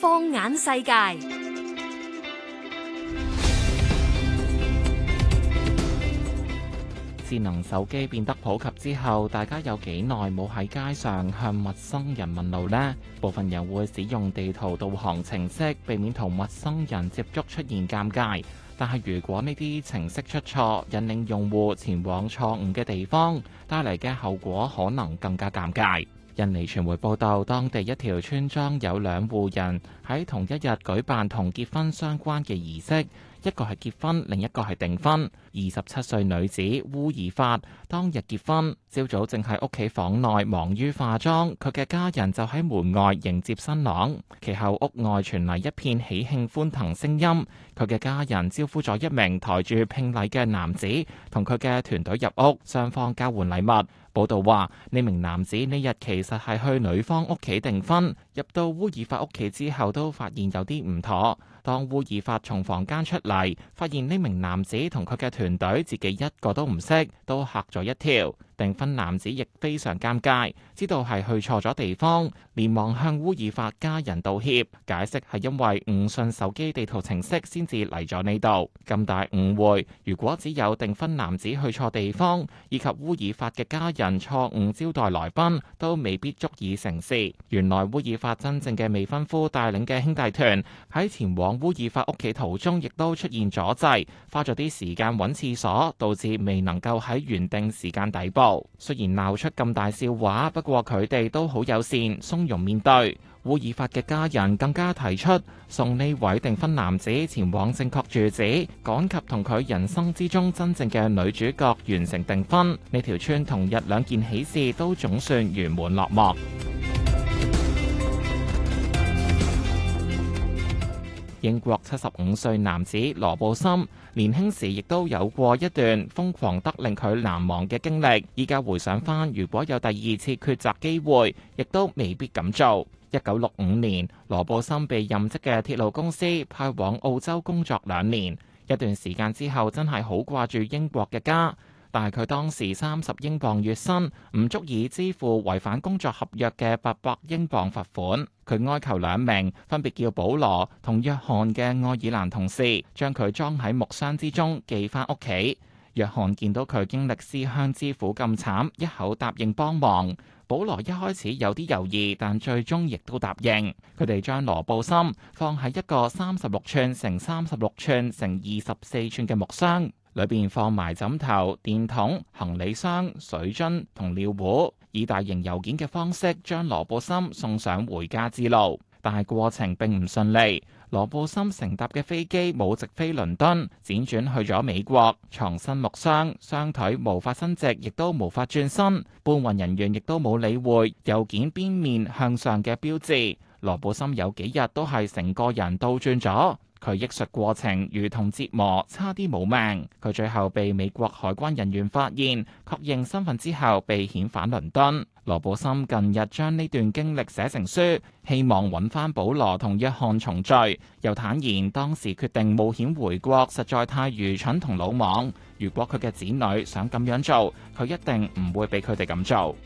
放眼世界，智能手機變得普及之後，大家有幾耐冇喺街上向陌生人問路呢？部分人會使用地圖導航程式，避免同陌生人接觸出現尷尬。但係如果呢啲程式出錯，引領用戶前往錯誤嘅地方，帶嚟嘅後果可能更加尷尬。印尼傳媒報道，當地一條村莊有兩戶人喺同一日舉辦同結婚相關嘅儀式。一個係結婚，另一個係訂婚。二十七歲女子烏爾法當日結婚，朝早正喺屋企房內忙於化妝，佢嘅家人就喺門外迎接新郎。其後屋外傳嚟一片喜慶歡騰聲音，佢嘅家人招呼咗一名抬住聘禮嘅男子同佢嘅團隊入屋，雙方交換禮物。報道話，呢名男子呢日其實係去女方屋企訂婚。入到烏爾法屋企之後，都發現有啲唔妥。當烏爾法從房間出嚟，發現呢名男子同佢嘅團隊，自己一個都唔識，都嚇咗一跳。訂婚男子亦非常尷尬，知道係去錯咗地方，連忙向烏爾法家人道歉、解釋，係因為誤信手機地圖程式先至嚟咗呢度。咁大誤會，如果只有訂婚男子去錯地方，以及烏爾法嘅家人錯誤招待來賓，都未必足以成事。原來烏爾法真正嘅未婚夫帶領嘅兄弟團喺前往烏爾法屋企途中，亦都出現阻滯，花咗啲時間揾廁所，導致未能夠喺原定時間抵埗。雖然鬧出咁大笑話，不過佢哋都好友善，從容面對。烏爾法嘅家人更加提出，送呢位訂婚男子前往正確住址，趕及同佢人生之中真正嘅女主角完成訂婚。呢條村同日兩件喜事都總算圓滿落幕。英國七十五歲男子羅布森年輕時亦都有過一段瘋狂得令佢難忘嘅經歷，依家回想翻，如果有第二次抉擇機會，亦都未必敢做。一九六五年，羅布森被任職嘅鐵路公司派往澳洲工作兩年，一段時間之後真係好掛住英國嘅家。但係佢當時三十英鎊月薪唔足以支付違反工作合約嘅八百英鎊罰款。佢哀求兩名分別叫保羅同約翰嘅愛爾蘭同事，將佢裝喺木箱之中寄翻屋企。約翰見到佢經歷思鄉之苦咁慘，一口答應幫忙。保羅一開始有啲猶豫，但最終亦都答應。佢哋將羅布森放喺一個三十六寸乘三十六寸乘二十四寸嘅木箱。裏邊放埋枕頭、電筒、行李箱、水樽同尿壺，以大型郵件嘅方式將羅布森送上回家之路。但係過程並唔順利，羅布森乘搭嘅飛機冇直飛倫敦，輾轉去咗美國，藏身木箱，雙腿無法伸直，亦都無法轉身。搬運人員亦都冇理會郵件邊面向上嘅標誌。羅布森有幾日都係成個人倒轉咗。佢憶述過程如同折磨，差啲冇命。佢最後被美國海關人員發現，確認身份之後被遣返倫敦。羅布森近日將呢段經歷寫成書，希望揾翻保羅同約翰重聚。又坦言當時決定冒險回國實在太愚蠢同魯莽。如果佢嘅子女想咁樣做，佢一定唔會俾佢哋咁做。